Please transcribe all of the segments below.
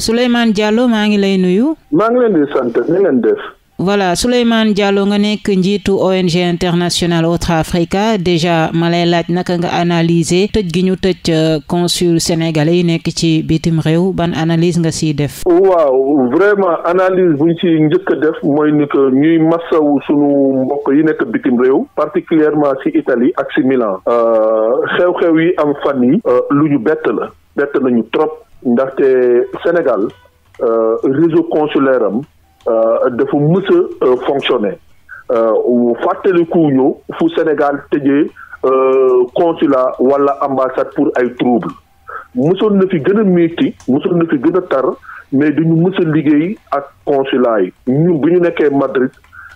Souleymane Diallo maa ngi lay nuyu. maa ngi leen di sant ni leen def. voilà Souleymane Diallo nga nekk njiitu ONG internationale Otra Africa déjà ma lay laaj naka nga analyser tëj gi ñu tëj euh, consul sénégalais yi nekk ci bitim réew ban analyse nga siy def. waaw vraiment analyse bu ñu ci njëkk a def mooy ni ñuy massawu sunu mbokk yi nekk bitim réew particulièrement ci Italie ak ci Milan. Euh, xew-xew yi am fan yi euh, lu ñu bett la bett nañu trop. ndaxte Sénégal euh, réseau consulaire am euh, dafa mës a euh, fonctionner fàttaliku ñu fu Sénégal tëjee consulat wala ambassade pour ay trouble mësoon na fi gën a métti mësoon na fi gën a tar mais dañu mës a liggéey ak consulat yi ñun bu ñu nekkee Madrid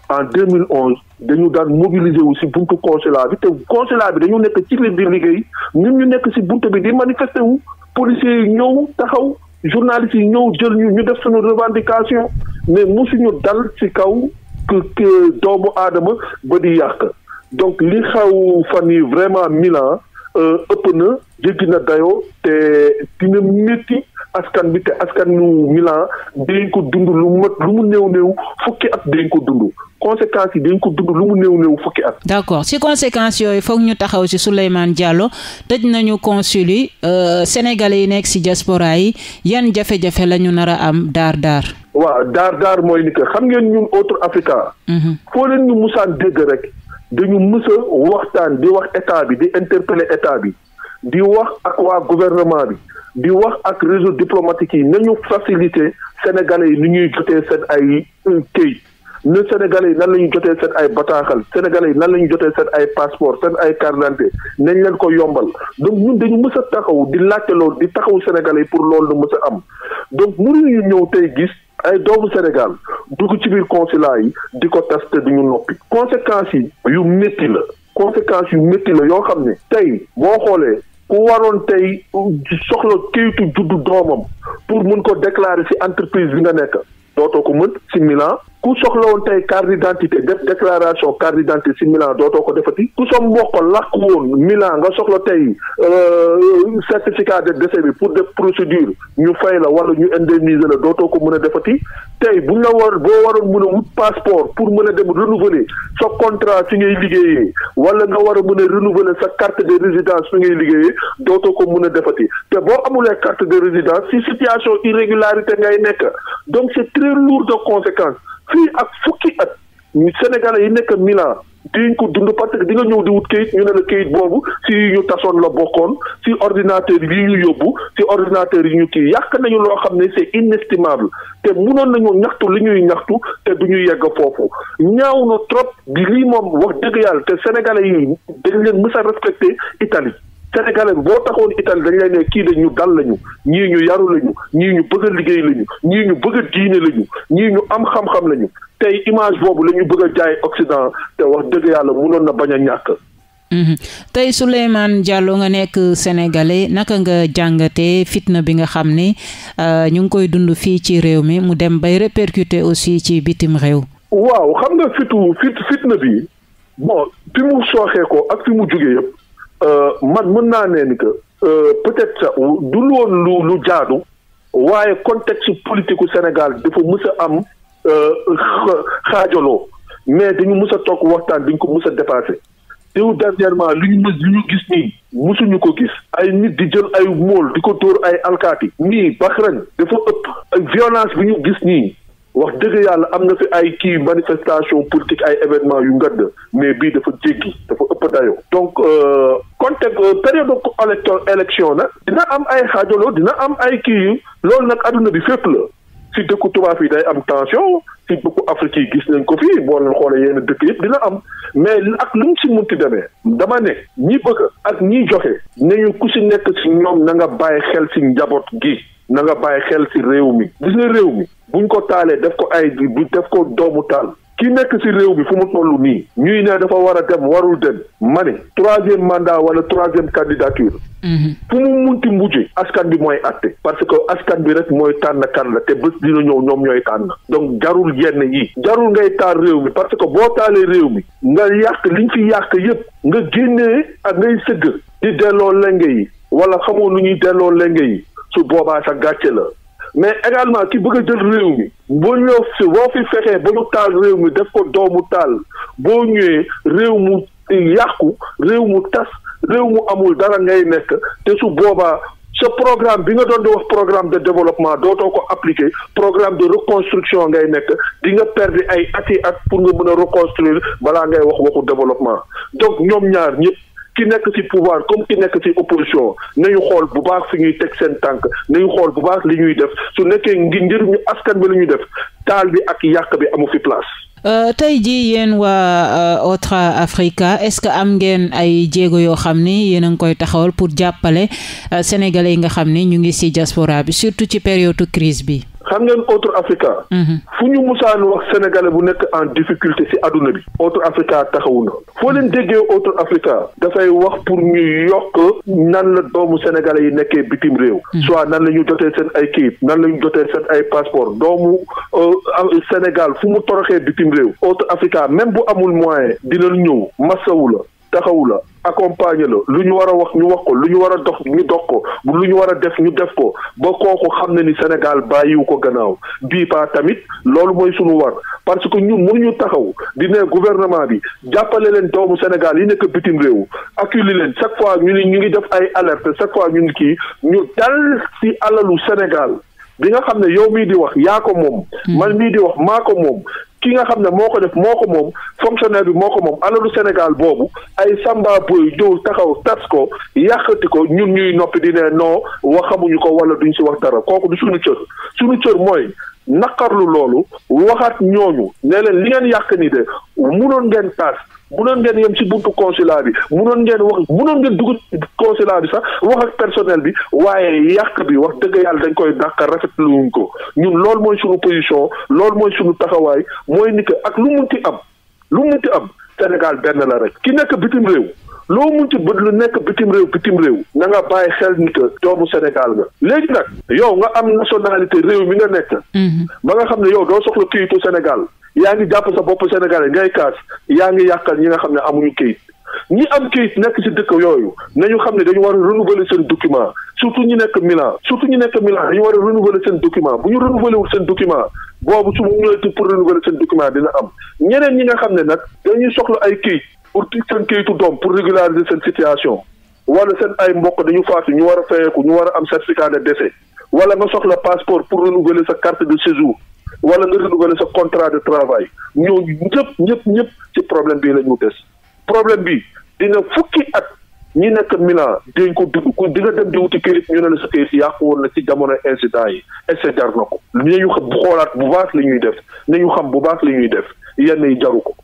en 2011 dañu daan mobiliser wu si buntu consulat bi te consulat bi dañu nekk ci biir liggéey ñun ñu nekk si buntu bi di manifester wu policiers yi ñëw taxaw journalistes yi ñëw jël ñu ñu def suñu revendication mais suñu dal ci kaw doomu aadama ba di yàq donc li xaw fan yi vraiment Milan euh, ëpp na jéggi na dayoo te dina métti askan bi te askan ñu Milan dañ ko dund lu mat lu mu néew néew fukki at dañ ko dund conséquences yi dañ ko dund lu mu néew néew fukki at. d'accord si conséquences yooyu foog ñu taxaw si Souleymane Diallo tëj nañu consul yi euh, sénégalais yi nekk si diaspora yi yan jafe-jafe la ñu nar a am daar daar. waaw daar daar mooy ni que xam ngeen ñun autre africain. Mhm. foo leen ñu musaan dégg rek dañu mës a waxtaan di wax état bi di interpeller état bi di wax ak waa gouvernement bi. di wax ak réseau diplomatique yi nañu faciliter sénégalais yi ni ñuy jotee seen ay euh, këyit ne Sénégalais yi nan la ñu jotee seen ay bataaxal sénégale yi nan la jotee seen ay passeport seen ay carte d'identité nañ leen ko yombal donc ñun dañu mës a taxaw di laajte loolu di taxaw Sénégalais yi pour loolu na mës a am donc mënuñu ñëw tey gis ay doomu Sénégal dugg ci biir consulat yi di ko tas te duñu noppi conséquences yi yu métti la conséquences yu métti la yoo xam ne tey boo xoolee ku waroon tey soxla kayitu juddu doomam pour mun ko déclarer ci entreprise bi nga nekk dootoo ko mën ci ku soxla woon tey carte d'identité def déclaration carte d'identité si Milan dootoo ko defati ku sa mbokk làkk woon Milan nga soxla tey euh, certificat de décès bi pour def procédure ñu fay la wala ñu indemniser la dootoo ko mun a defati tey bu ñu la war boo waroon mën a wut passeport pour mën a dem renouveler sa contrat fi ngay liggéeyee wala nga war a mën a renouveler sa carte de résidence fi ngay liggéeyee dootoo ko mën a defati te boo amulee carte de résidence si situation irrégularité ngay nekk donc c'est très lourd de fii ak fukki at ñu sénégalais yi nekk Milan diñ ko dund parce que di nga ñëw di wut kayit ñu ne la kayit boobu si ñu tasoon la bokkoon si ordinateur yi ñu yóbbu si ordinateur yi ñu kii yàq nañu loo xam ne c'est inestimable te munoon nañu ñaxtu li ñuy ñaxtu te du ñu yegg foofu ñaaw na trop di lii moom wax dëgg yàlla te sénégalais yi dañ leen mës a respecté Italie sénégalais bi boo taxoon Italie dañ lay ne kii ñu dal lañu ñii ñu yaru lañu ñii ñu bëgg liggéey lañu ñii ñu bëgg a diine ñu am xam-xam lañu tey image boobu la ñu bëgg a jaay Occident te wax dëgg yàlla mënoon na bañ a ñàkk. Mhm. tey Souleymane Diallo nga nekk sénégalais naka nga jàngatee fitna bi nga xam ne euh, ñu ngi koy dund fii ci réew mi mu dem bay répercuter aussi ci bitim réew. waaw xam nga fitu fit fitna bi bon fi mu sooxee ko ak fi mu jugee yëpp. Euh, man mën naa ne ni que euh, peut-être sax du loon lu lu jaadu waaye contexte politiku Sénégal dafa mës a am euh, xaajaloo mais dañu mës a toog waxtaan dañ ko mës a dépassé tew dernièrement li ñu mës li ñu gis nii mësuñu ko gis ay nit di jël ay mool di ko dóor ay alkaati nii bax dafa ëpp violence bi ñu gis nii wax dëgg yàlla am na fi ay kii manifestation politique ay événement yu ngadd mais bii dafa jéggi dafa ëpp dayoo donc euh, contexte euh, période électo élection nag dina am ay xaajaloo dina am ay kii yu loolu nag àdduna bi fépp la si dëkku tubaab yi day am tension si dëkku Afrique yi gis nañ ko fii boo leen xoolee yenn dëkk yëpp dina am mais ak lu mu si munti demee dama ne ñi bëgg ak ñi joxe nañu ku si nekk si ñoom na nga bàyyi xel si njaboot gi na nga bàyyi xel ci réew mi gis nga réew mi buñ ko taalee def ko ay bu def ko doomu taal ki nekk ci réew mi fu mu toll nii ñuy ne dafa war a dem warul dem ma ne troisième mandat wala troisième candidature mhm. fu mu munti mujje askan bi mooy atte parce que askan bi rek mooy tànn kan la te bés dina ñëw ñoom ñooy tànn donc jarul yenn yi jarul ngay taal réew mi parce que boo taalee réew mi nga yàq liñ fi yàq yépp nga génnee ak ngay sëgg di delloo lenge yi wala xamoo nu ñuy delloo lenge yi su boobaa sa gàcce la mais également ki bëgg a jël réew mi boo ñëw fi boo fi fexee ba mu taal réew mi def ko doomu taal boo ñëwee réew mu yàqu réew mu tas réew mu amul dara ngay nekk te su boobaa ce programme bi nga doon di wax programme de développement dootoo ko appliquer programme de reconstruction ngay nekk di nga perdre ay ati at pour nga mun a reconstruire balaa ngay wax waxu développement donc ñoom ñaar ñëpp ki nekk ci pouvoir comme ki nekk ci opposition nañu xool bu baax fi ñuy teg seen tànk nañu xool bu baax li ñuy def su nekkee ngir njëriñu askan bi la ñuy def taal bi ak yàq bi amu fi place. Euh, tey jii yéen waa Otra euh, Africa est-ce que am ngeen ay jéego yoo xam ni yéen a ngi koy taxawal pour jàppale euh, sénégalais yi nga xam ni ñu ngi ci diaspora bi surtout ci période crise bi. xam ngeen autre Africa. Mhm. fu ñu musaan wax sénégalais bu nekk en difficulté ci àdduna bi. autre Africa taxawu na. foo leen déggee autre Africa. dafay wax pour ñu yokk nan la doomu sénégalais yi nekkee bitim réew. Mhm. soit nan la ñu jotee seen ay kayit nan la ñu jotee seen ay passeport doomu euh, Sénégal fu mu toroxee bitim réew. autre Africa même bu amul moyen dina ñëw masawu la taxawu la accompagner la lu ñu war a wax ñu wax ko lu ñu war a dox ñu dox ko lu ñu war a def ñu def ko ba kooku xam ne ni Sénégal bàyyiwu ko gannaaw bii pa tamit loolu mooy suñu war parce que ñun ñu taxaw di ne gouvernement bi jàppale leen doomu Sénégal yi nekk bitim réew acculé leen chaque fois ñu ni ñu ngi def ay alerte chaque fois ñu ngi kii ñu dal ci alalu Sénégal bi nga xam ne yow mii di wax yaa ko moom hmm. man mii di wax maa ko moom ki nga xam ne moo ko def moo ko moom fonctionnaire bi moo ko moom alalu Sénégal boobu ay samba boy jow taxaw tas ko yàqati ko ñun ñuy noppi di ne non wax xamuñu ko wala duñ si wax dara kooku du suñu cër suñu cër mooy naqarlu loolu waxaat ñooñu ne leen li ngeen yàq nii de munoon ngeen tas munoon ngeen yem ci buntu consulat bi munoon ngeen wax munoon ngeen dugg consulat bi sax wax ak personnel bi waaye yàq bi wax dëgg yàlla dañ koy dàq rafetluwuñ ko ñun lool mooy suñu position lool mooy suñu taxawaay mooy ni que ak lu munti am lu munti am Sénégal benn la rek ki nekk bitim réew loo mun munti bët lu nekk bitim réew bitim réew na nga bàyyi xel ni doomu Sénégal nga léegi nag yow nga am nationalité réew mi nga nekk mhm. ba nga xam ne yow yaa ngi jàpp sa bopp sénégalais ngay kaas yaa ngi yàqal ñi nga xam ne amuñu kayit ñi am kayit nekk ci dëkk yooyu nañu xam ne dañu war a renouveler seen document surtout ñi nekk Milan surtout ñi nekk Milan dañu war a renouveler seen document bu ñu renouveler wul seen document boobu su ma ñëwee pour renouveler seen document dina am ñeneen ñi nga xam ne nag dañuy soxla ay kayit pour seen kayitu doom pour régulariser seen situation wala seen ay mbokk dañu faatu ñu war a fayeeku ñu war a am certificat de décès wala nga soxla passeport pour renouveler sa carte de séjour wala nga renouveler sa contrat de travail ñooñu ñëpp ñëpp ñëpp ci problème bi la ñu des problème bi dina fukki at ñi nekk Milan dañ ko dugg di nga dem di wuti këyit ñu ne la sa këyit yàqu woon na ci jamono incident yi est ce jar na ko nañu xam xoolaat bu baax li ñuy def nañu xam bu baax li ñuy def yenn yi jaru ko.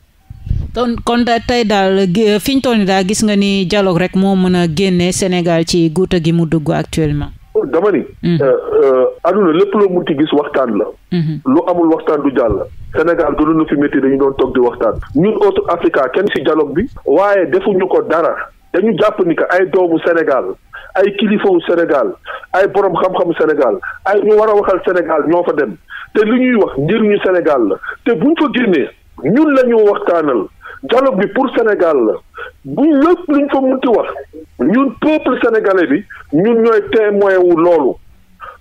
kon kon da tey daal fi ñu toll nii daal gis nga ni dialogue rek moo mën a génne Sénégal ci guuta gi mu dugg actuellement. dama ni. aduna mm-hmm. euh, euh, lépp loo munti gis waxtaan la. Mm-hmm. lu amul waxtaan du jàll. Sénégal gënoon na fi métti dañu doon toog di waxtaan. ñun autre Africa kenn ci dialogue bi. waaye defuñu ko dara. dañu jàpp ni que ay doomu Sénégal ay kilifawu Sénégal ay boroom xam-xamu Sénégal ay ñu war a waxal Sénégal ñoo fa dem te li ñuy wax njëriñu Sénégal la te buñ fa génnee ñun la ñu waxtaanal. dialogue bi pour Sénégal la bu lépp luñ fa munti wax ñun peuple sénégalais bi ñun ñooy témoin wu loolu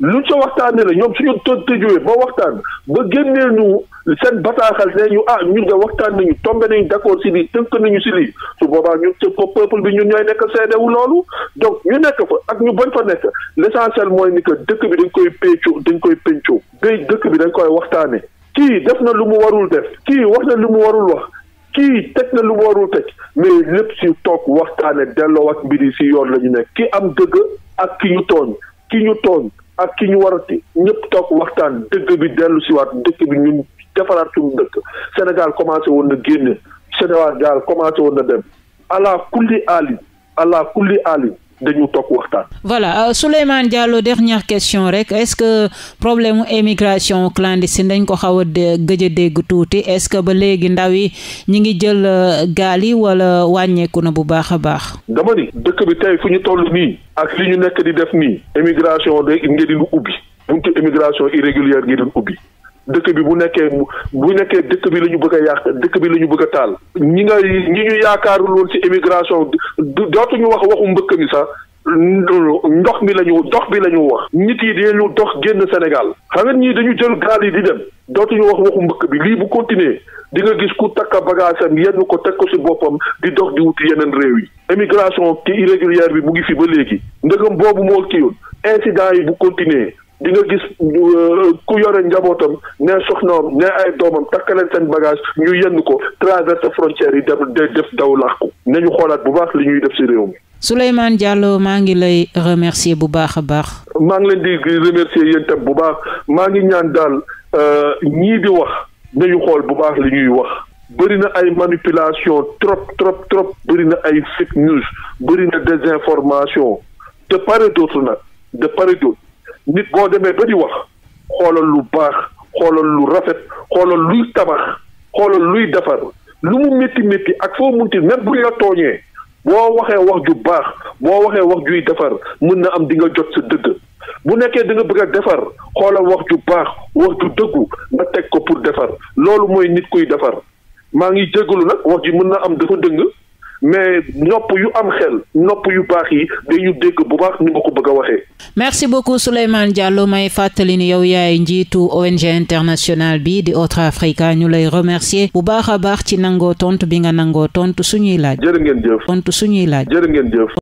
luñ sa waxtaanee la ñoom suñu tëj tëjuwee ba waxtaan ba génnee ñu seen bataaxal ne ñu ah ñun de waxtaan nañu tombé nañu d'accord si lii tënk nañu si lii su boobaa ñun tëb ko peuple bi ñun ñooy nekk seede wu loolu donc ñu nekk fa ak ñu bañ fa nekk l'essentiel mooy ni que dëkk bi dañ koy péncoo dañ koy péncoo béy dëkk bi dañ koy waxtaanee kii def na lu mu warul def kii wax na lu mu warul wax kii teg na lu warul teg mais lépp si toog waxtaane delloo ak si yoon lañu nekk ki am dëgg ak ki ñu tooñ ki ñu tooñ ak ki ñu war a ñëpp toog waxtaan dëgg bi dellu si waat dëkk bi ñu defaraat suñu dëkk Sénégal commencé woon na génne Sénégal commencé woon na dem ala kulli ali ala kulli ali dañu toog waxtaan. voilà euh, Souleymane Diallo dernière question rek est-ce que problème émigration clandestine dañ ko xaw a gëj a dégg tuuti est-ce que ba léegi ndaw yi ñi ngi jël euh, gaal yi wala wàññeeku na bu baax a baax. dama ni dëkk bi tey fu ñu toll nii. ak li ñu nekk di def nii. émigration de ngeen di ubbi. buntu émigration irrégulière ngeen di ubbi. dëkk bi bu nekkee bu nekkee dëkk bi la ñu bëgg a yàq dëkk bi la ñu bëgg a taal ñi nga ñi ñu yaakaarul woon ci immigration dootuñu wax waxu mbëkk mi sax ndox mi la ñu dox bi la ñu wax nit yi dañu dox génn Sénégal xam nga ñii dañu jël gaal yi di dem dootuñu wax waxu mbëkk bi lii bu continuer di nga gis ku takka bagaasam yenn ko teg ko ci boppam di dox di wuti yeneen réew yi émigration ci irrégulière bi mu ngi fi ba léegi ndëgam boobu moo kiiwoon incident yi bu continuer di nga gis euh, ku yore njabootam ne soxnaam ne ay doomam takkaleen seen bagage ñu yenn ko traverse frontière yi def def daw làqu ñu xoolaat bu baax li ñuy def ci réew mi. Souleymane Diallo maa ngi lay remercier bu baax a baax. maa ngi leen di remercier yéen tam bu baax maa ngi ñaan daal euh, ñii di wax nañu xool bu baax li ñuy wax. bëri na ay manipulation trop trop trop bëri na ay fake news bëri na de part et d'autre nag de part d'autre nit boo demee ba di wax xoolal lu baax xoolal lu rafet xoolal luy tabax xoolal luy defar lu mu métti métti ak foo munti même bu la tooñee boo waxee wax ju baax boo waxee wax juy defar mën na am di nga jot sa dëgg bu nekkee da nga bëgg a defar xoolal wax ju baax wax ju dëggu nga teg ko pour defar loolu mooy nit kuy defar maa ngi jégalu nag wax ji mën na am dafa dëng mais nopp yu am xel nopp yu baax yi dañu dégg bu baax ni nga ko bëgg a merci beaucoup Souleymane Diallo may fàttali ni yow yaay njiitu ONG internationale bi di Otra-Africa ñu lay remercier bu baax a baax ci nangoo tontu bi nga nangoo tontu suñuy laaj. jërë tontu suñuy laaj. jërë ngeen jëf.